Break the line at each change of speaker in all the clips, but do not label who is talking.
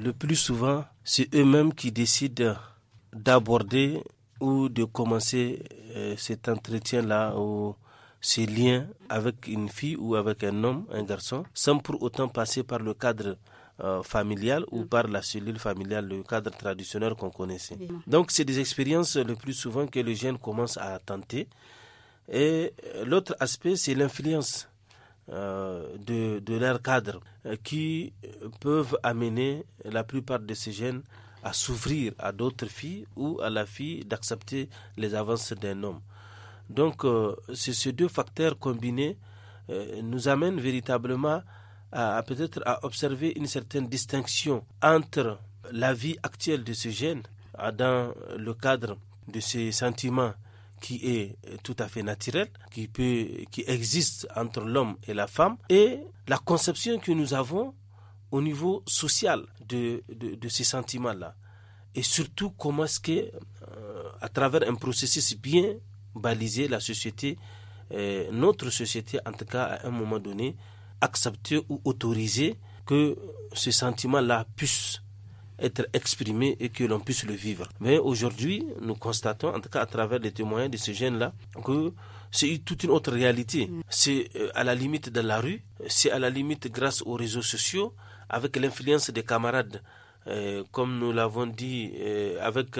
le plus souvent, c'est eux-mêmes qui décident d'aborder ou de commencer euh, cet entretien-là ou ces liens avec une fille ou avec un homme, un garçon, sans pour autant passer par le cadre euh, familial ou par la cellule familiale, le cadre traditionnel qu'on connaissait. Donc c'est des expériences le plus souvent que les jeunes commencent à tenter. Et euh, l'autre aspect, c'est l'influence euh, de, de leur cadre euh, qui peuvent amener la plupart de ces jeunes à s'ouvrir à d'autres filles ou à la fille d'accepter les avances d'un homme. Donc, euh, ces deux facteurs combinés nous amènent véritablement à, peut-être à observer une certaine distinction entre la vie actuelle de ces jeunes dans le cadre de ces sentiments qui est euh, tout à fait naturel, qui, peut, qui existe entre l'homme et la femme, et la conception que nous avons au niveau social de, de, ces sentiments-là. Et surtout, comment est-ce que, euh, à travers un processus bien balisé, la société, euh, notre société, en tout cas, à un moment donné, accepte ou autoriser que ce sentiment-là puisse être exprimé et que l'on puisse le vivre. Mais aujourd'hui, nous constatons, en tout cas à travers les témoignages de ces jeunes-là, que c'est toute une autre réalité. C'est euh, à la limite de la rue, c'est à la limite grâce aux réseaux sociaux, avec l'influence des camarades. Euh, comme nous l'avons dit, euh, avec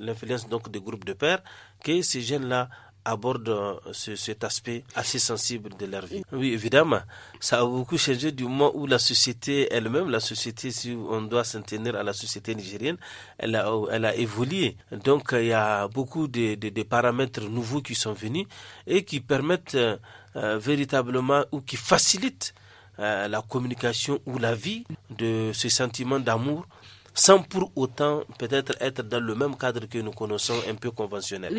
l'influence donc des groupes de pères, que ces jeunes-là abordent euh, ce, cet aspect assez sensible de leur vie. Oui, évidemment, ça a beaucoup changé du moment où la société elle-même, la société, si on doit s'en tenir à la société nigérienne, elle a, elle a évolué. Donc, il y a beaucoup de, de, paramètres nouveaux qui sont venus et qui permettent euh, euh, véritablement ou qui facilitent la communication ou la vie de ce sentiment d'amour sans pour autant peut-être être dans le même cadre que nous connaissons un peu conventionnel.